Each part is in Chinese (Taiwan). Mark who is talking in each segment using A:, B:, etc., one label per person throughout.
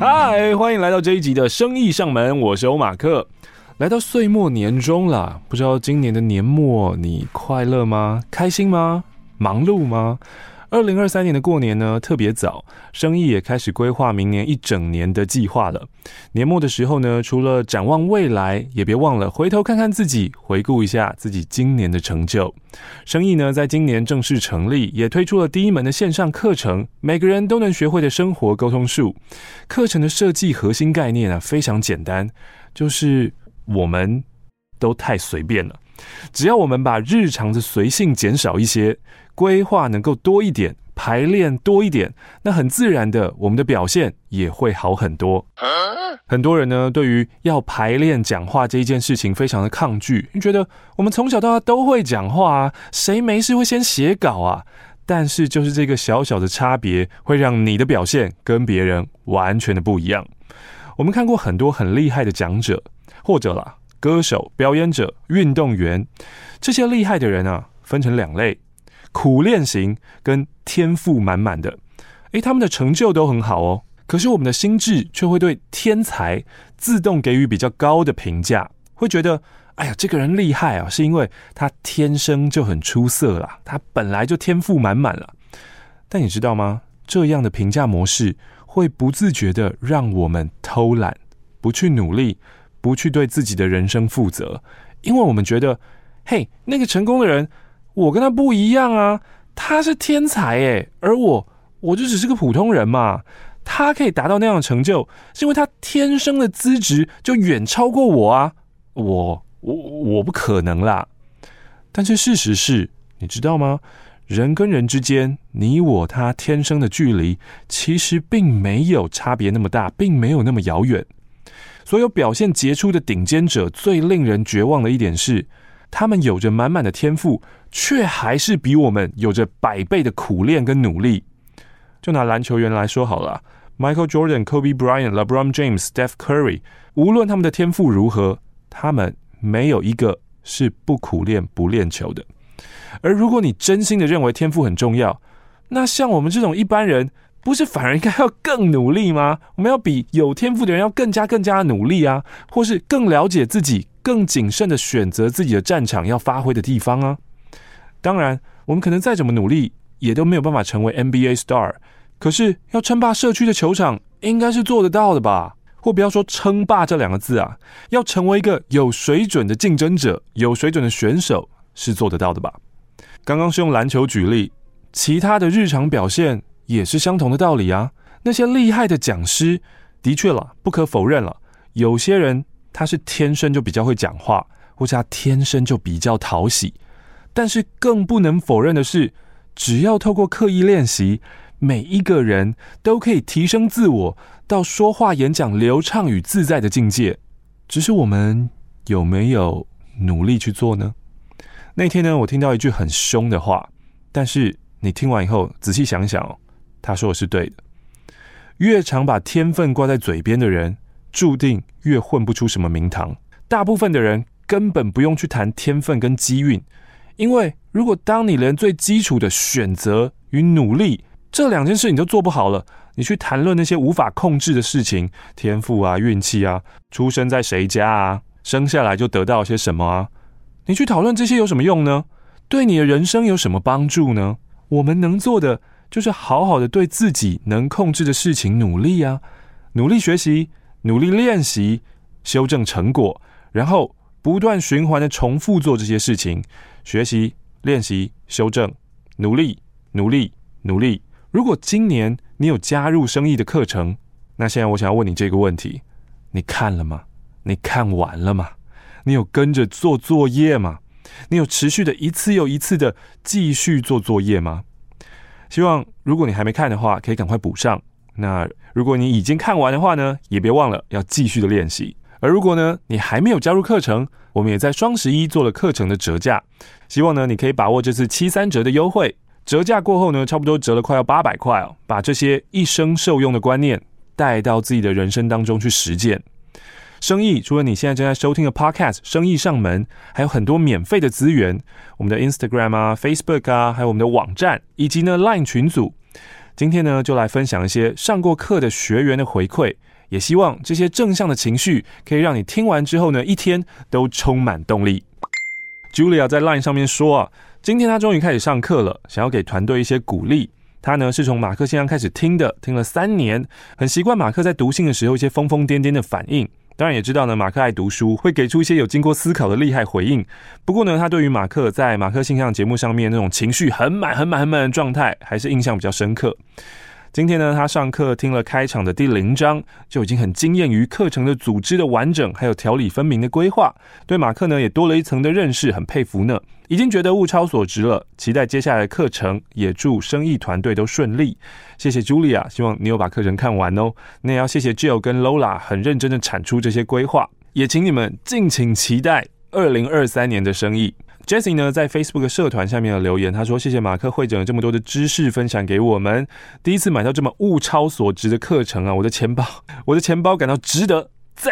A: 嗨，Hi，歡迎來到這一集的生意上門，我是歐馬克。來到歲末年終了，不知道今年的年末你快樂嗎？開心嗎？忙碌嗎？二零二三年的過年呢，特別早，聲藝也開始規劃明年一整年的計劃了。年末的時候呢，除了展望未來，也別忘了回頭看看自己，回顧一下自己今年的成就。聲藝呢，在今年正式成立，也推出了第一門的線上課程，每個人都能學會的生活溝通術。課程的設計核心概念呢，啊，非常簡單，就是我們都太隨便了。只要我們把日常的隨性減少一些，規劃能夠多一點，排練多一點，那很自然的，我們的表現也會好很多。啊、很多人呢，對於要排練講話這一件事情非常的抗拒，覺得我們從小到大都會講話啊，誰沒事會先寫稿啊？但是就是這個小小的差別，會讓你的表現跟別人完全的不一樣。我們看過很多很厲害的講者，或者啦，歌手、表演者、運動員，這些厲害的人啊，分成兩類：苦練型跟天賦滿滿的。誒、欸，他們的成就都很好哦。可是我們的心智卻會對天才自動給予比較高的評價，會覺得：哎呀，這個人厲害啊，是因為他天生就很出色啦，他本來就天賦滿滿了。但你知道嗎？這樣的評價模式會不自覺的讓我們偷懶，不去努力。不去對自己的人生負責，因為我們覺得，嘿，那個成功的人，我跟他不一樣啊，他是天才誒，而我，我就只是個普通人嘛。他可以達到那樣的成就，是因為他天生的資質就遠超過我啊，我我我不可能啦。但是事實是，你知道嗎？人跟人之間，你我他天生的距離，其實並沒有差別那麼大，並沒有那麼遙遠。所有表現傑出的頂尖者，最令人絕望的一點是，他們有着滿滿的天賦，卻還是比我們有着百倍的苦練跟努力。就拿籃球員來說好了，Michael Jordan、Kobe Bryant、LeBron James、Steph Curry，無論他們的天賦如何，他們沒有一個是不苦練不練球的。而如果你真心的認為天賦很重要，那像我們這種一般人。不是，反而應該要更努力嗎？我們要比有天賦的人要更加更加的努力啊，或是更了解自己，更謹慎的選擇自己的戰場要發揮的地方啊。當然，我們可能再怎麼努力，也都沒有辦法成為 NBA star。可是，要稱霸社區的球場，應該是做得到的吧？或不要說稱霸這兩個字啊，要成為一個有水準的競爭者，有水準的選手，是做得到的吧？剛剛是用籃球舉例，其他的日常表現，也是相同的道理啊。那些厲害的講師，的確了，不可否認了。有些人他是天生就比較會講話，或者他天生就比較討喜。但是更不能否認的是，只要透過刻意練習，每一個人都可以提升自我到說話演講流暢與自在的境界。只是我們有沒有努力去做呢？那天呢，我聽到一句很凶的話，但是你聽完以後仔細想想哦。他說的是對的，越常把天分掛在嘴邊的人，注定越混不出什麼名堂。大部分的人根本不用去談天分跟機運，因為如果當你連最基礎的選擇與努力這兩件事你都做不好了，你去談論那些無法控制的事情，天賦啊、運氣啊、出生在誰家啊、生下來就得到些什麼啊，你去討論這些有什麼用呢？對你的人生有什麼幫助呢？我們能做的。就是好好的對自己能控制的事情努力啊，努力學習，努力練習，修正成果，然後不斷循環的重複做這些事情：學習、練習、修正、努力、努力、努力。如果今年你有加入聲藝的課程，那現在我想要問你這個問題：你看了嗎？你看完了嗎？你有跟着做作業嗎？你有持續的一次又一次的繼續做作業嗎？希望如果你還沒看的話，可以趕快補上。那如果你已經看完的話呢，也別忘了要繼續的練習。而如果呢，你還沒有加入課程，我們也在雙十一做了課程的折價。希望呢，你可以把握這次七三折的優惠。折價過後呢，差不多折了快要八百塊哦。把這些一生受用的觀念帶到自己的人生當中去實踐。生意除了你現在正在收聽的 podcast 生意上門，還有很多免費的資源。我們的 Instagram 啊，Facebook 啊，還有我們的網站，以及呢 Line 群組。今天呢，就來分享一些上過課的學員的回饋，也希望這些正向的情緒可以讓你聽完之後呢，一天都充滿動力。Julia 在 Line 上面說啊，今天她終於開始上課了，想要給團隊一些鼓勵。她呢，是從馬克先生開始聽的，聽了三年，很習慣馬克在讀信的時候一些瘋瘋癲癲的反應。當然也知道呢，馬克愛讀書，會給出一些有經過思考的厲害回應。不過呢，他對於馬克在馬克信箱節目上面那種情緒很滿、很滿、很滿的狀態，還是印象比較深刻。今天呢，他上課聽了開場的第零章，就已經很驚艷於課程的組織的完整，還有條理分明的規劃。對馬克呢，也多了一層的認識，很佩服呢，已經覺得物超所值了。期待接下來的課程，也祝聲藝團隊都順利。謝謝 Julia，希望你有把課程看完哦。那也要謝謝 Jill 跟 Lola，很認真的產出這些規劃，也請你們敬請期待二零二三年的聲藝。Jesse 呢，在 Facebook 社團下面的留言，他說：“謝謝馬克匯整了這麼多的知識分享給我們，第一次買到這麼物超所值的課程啊！我的錢包，我的錢包感到值得讚。”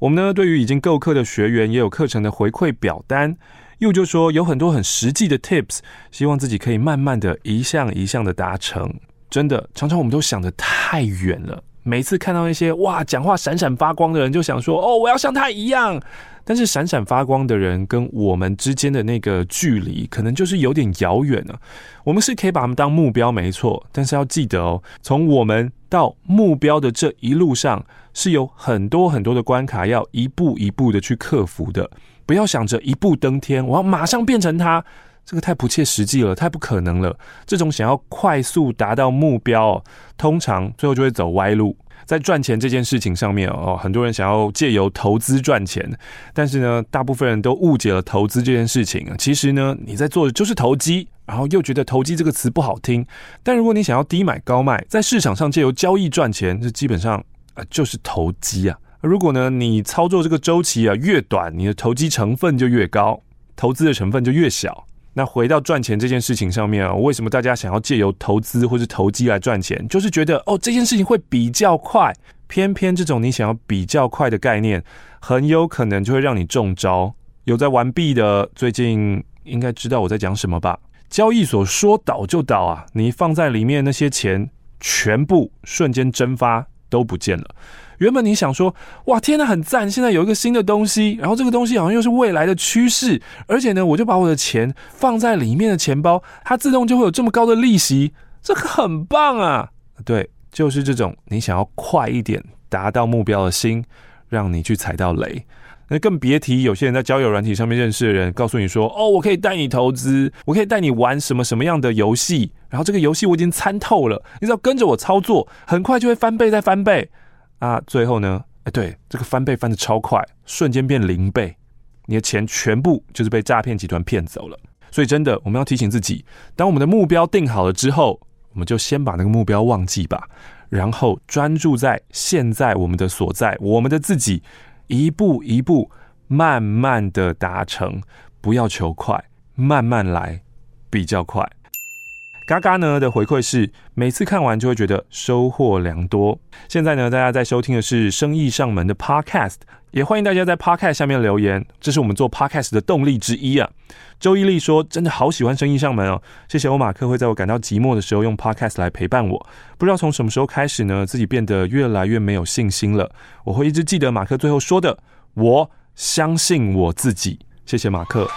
A: 我們呢，對於已經購課的學員，也有課程的回饋表單。又就說有很多很實際的 Tips，希望自己可以慢慢的一項一項的達成。真的，常常我們都想得太遠了。每次看到那些哇，講話閃閃發光的人，就想說哦，我要像他一樣。但是閃閃發光的人跟我們之間的那個距離，可能就是有點遙遠了。我們是可以把他們當目標沒錯，但是要記得哦，從我們到目標的這一路上，是有很多很多的關卡要一步一步的去克服的。不要想着一步登天，我要馬上變成他。這個太不切實際了，太不可能了。這種想要快速達到目標，通常最後就會走歪路。在賺錢這件事情上面哦，很多人想要借由投資賺錢，但是呢，大部分人都誤解了投資這件事情啊。其實呢，你在做的就是投機，然後又覺得投機這個詞不好聽。但如果你想要低買高賣，在市場上借由交易賺錢，這基本上啊，呃，就是投機啊。如果呢，你操作這個週期啊，越短，你的投機成分就越高，投資的成分就越小。那回到賺錢這件事情上面啊、哦，為什麼大家想要借由投資或是投機來賺錢？就是覺得哦，這件事情會比較快，偏偏這種你想要比較快的概念，很有可能就會讓你中招。有在玩幣的，最近應該知道我在講什麼吧？交易所說倒就倒啊，你放在裡面那些錢全部瞬間蒸發，都不見了。原本你想說，哇，天哪，很贊！現在有一個新的東西，然後這個東西好像又是未來的趨勢，而且呢，我就把我的錢放在裡面的錢包，它自動就會有這麼高的利息，這個很棒啊！對，就是這種你想要快一點達到目標的心，讓你去踩到雷。那更別提有些人在交友軟體上面認識的人，告訴你說，哦，我可以帶你投資，我可以帶你玩什麼什麼樣的遊戲，然後這個遊戲我已經參透了，你只要跟着我操作，很快就會翻倍再翻倍。啊，最後呢，哎、欸，對，這個翻倍翻得超快，瞬間變零倍，你的錢全部就是被詐騙集團騙走了。所以真的，我們要提醒自己，當我們的目標定好了之後，我們就先把那個目標忘記吧，然後專注在現在我們的所在，我們的自己，一步一步慢慢地達成，不要求快，慢慢來比較快。嘎嘎呢的回饋是每次看完就會覺得收穫良多。現在呢，大家在收聽的是《生意上門》的 Podcast，也歡迎大家在 Podcast 下面留言，這是我們做 Podcast 的動力之一啊。周一麗說：“真的好喜歡《生意上門》哦，謝謝歐馬克會在我感到寂寞的時候用 Podcast 來陪伴我。”不知道從什麼時候開始呢，自己變得越來越沒有信心了。我會一直記得馬克最後說的：“我相信我自己。”謝謝馬克。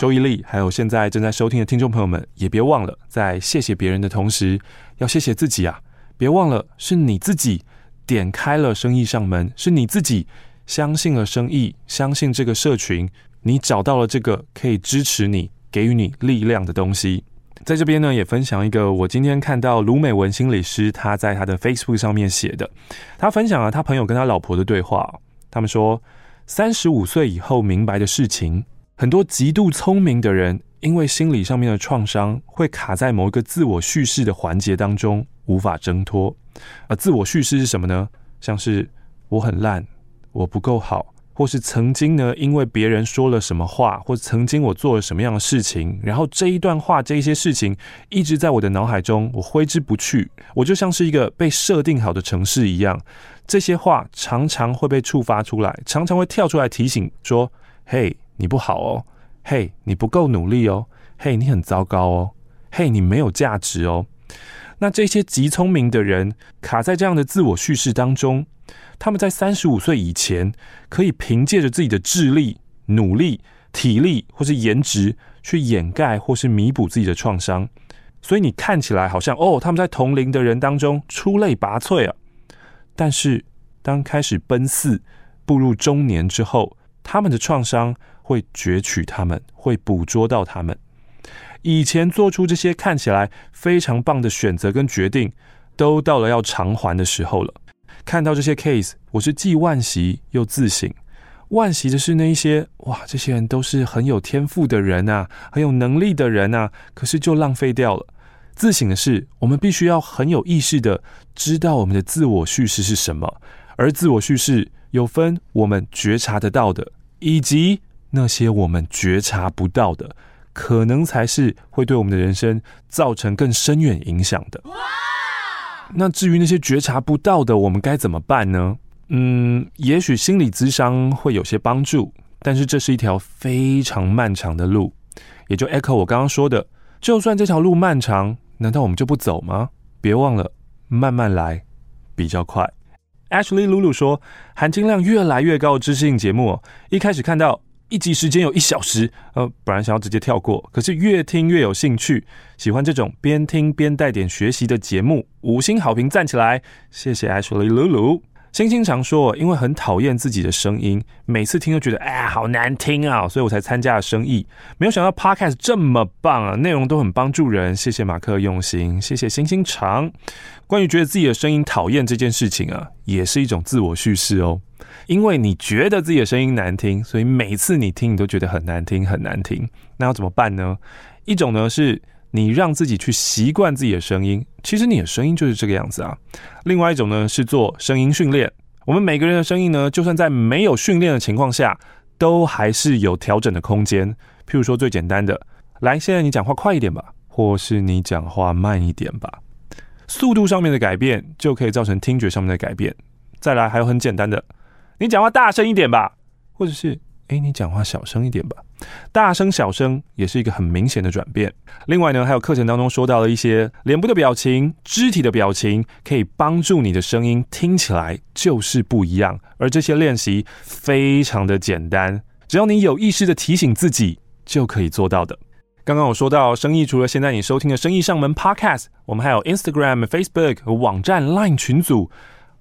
A: 周益立，Lee, 還有現在正在收聽的聽眾朋友們，也別忘了，在謝謝別人的同時，要謝謝自己啊！別忘了是你自己點開了聲藝上門，是你自己相信了聲藝，相信這個社群，你找到了這個可以支持你、給予你力量的東西。在這邊呢，也分享一個我今天看到盧美文心理師他在他的 Facebook 上面寫的，他分享了他朋友跟他老婆的對話，他們說三十五歲以後明白的事情。很多極度聰明的人，因為心理上面的創傷，會卡在某一個自我敘事的環節當中，無法掙脫。而自我敘事是什麼呢？像是我很爛，我不夠好，或是曾經呢，因為別人說了什麼話，或曾經我做了什麼樣的事情，然後這一段話、這一些事情，一直在我的腦海中，我揮之不去。我就像是一個被設定好的程式一樣，這些話常常會被觸發出來，常常會跳出來提醒說。嘿，hey, 你不好哦！嘿，hey, 你不夠努力哦！嘿，hey, 你很糟糕哦！嘿，hey, 你沒有價值哦！那這些極聰明的人卡在這樣的自我敘事當中，他們在三十五歲以前可以憑借着自己的智力、努力、體力或是顏值去掩蓋或是彌補自己的創傷，所以你看起來好像哦，他們在同齡的人當中出類拔萃啊。但是當開始奔四、步入中年之後，他們的創傷會攫取他們，會捕捉到他們以前做出這些看起來非常棒的選擇跟決定，都到了要償還的時候了。看到這些 case，我是既惋惜又自省。惋惜的是那一些，哇，這些人都是很有天賦的人啊，很有能力的人啊，可是就浪費掉了。自省的是，我們必須要很有意識的知道我們的自我敘事是什麼，而自我敘事有分我們覺察得到的。以及那些我們覺察不到的，可能才是會對我們的人生造成更深遠影響的。哇那至於那些覺察不到的，我們該怎麼辦呢？嗯，也許心理諮商會有些幫助，但是這是一條非常漫長的路。也就 echo 我剛剛說的，就算這條路漫長，難道我們就不走嗎？別忘了，慢慢來，比較快。Ashley Lulu 說：“含金量越來越高，知性節目哦。一開始看到一集時間有一小時，呃，本來想要直接跳過，可是越聽越有興趣。喜歡這種邊聽邊帶點學習的節目，五星好評，讚起來，謝謝 Ashley Lulu。”星星常說，因為很討厭自己的聲音，每次聽都覺得哎呀，好難聽啊，所以我才參加了聲藝。沒有想到 Podcast 這麼棒啊，內容都很幫助人。謝謝馬克用心，謝謝星星常。關於覺得自己的聲音討厭這件事情啊，也是一種自我敘事哦。因為你覺得自己的聲音難聽，所以每次你聽你都覺得很難聽，很難聽。那要怎麼辦呢？一種呢是。你讓自己去習慣自己的聲音，其實你的聲音就是這個樣子啊。另外一種呢，是做聲音訓練。我們每個人的聲音呢，就算在沒有訓練的情況下，都還是有調整的空間。譬如說最簡單的，來，現在你講話快一點吧，或是你講話慢一點吧，速度上面的改變就可以造成聽覺上面的改變。再來，還有很簡單的，你講話大聲一點吧，或者是。誒，你講話小聲一點吧。大聲小聲也是一個很明顯的轉變。另外呢，還有課程當中說到了一些臉部的表情、肢體的表情，可以幫助你的聲音聽起來就是不一樣。而這些練習非常的簡單，只要你有意識的提醒自己就可以做到的。剛剛我說到生意，除了現在你收聽的生意上門 Podcast，我們還有 Instagram、Facebook 和網站 LINE 群組。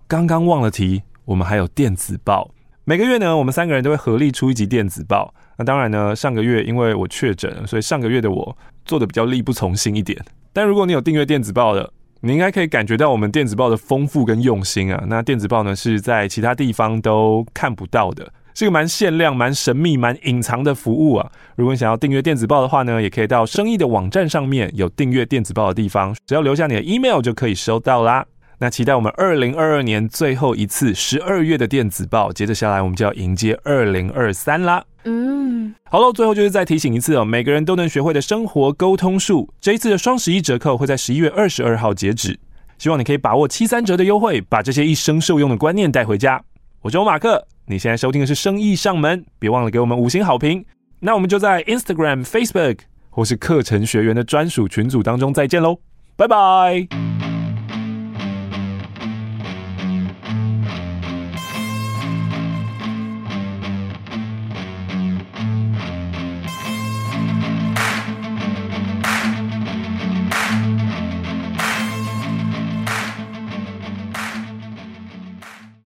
A: 剛剛忘了提，我們還有電子報。每個月呢，我們三個人都會合力出一集電子報。那當然呢，上個月因為我確診，所以上個月的我做的比較力不從心一點。但如果你有訂閱電子報的，你應該可以感覺到我們電子報的豐富跟用心啊。那電子報呢是在其他地方都看不到的，是個蠻限量、蠻神秘、蠻隱藏的服務啊。如果你想要訂閱電子報的話呢，也可以到聲藝的網站上面有訂閱電子報的地方，只要留下你的 email 就可以收到啦。那期待我們二零二二年最後一次十二月的電子報，接着下來我們就要迎接二零二三啦。嗯，好嘍，最後就是再提醒一次哦、喔，每個人都能學會的生活溝通術，這一次的雙十一折扣會在十一月二十二號截止，希望你可以把握七三折的優惠，把這些一生受用的觀念帶回家。我是歐馬克，你現在收聽的是生意上門，別忘了給我們五星好評。那我們就在 Instagram、Facebook 或是課程學員的專屬群組當中再見嘍，拜拜。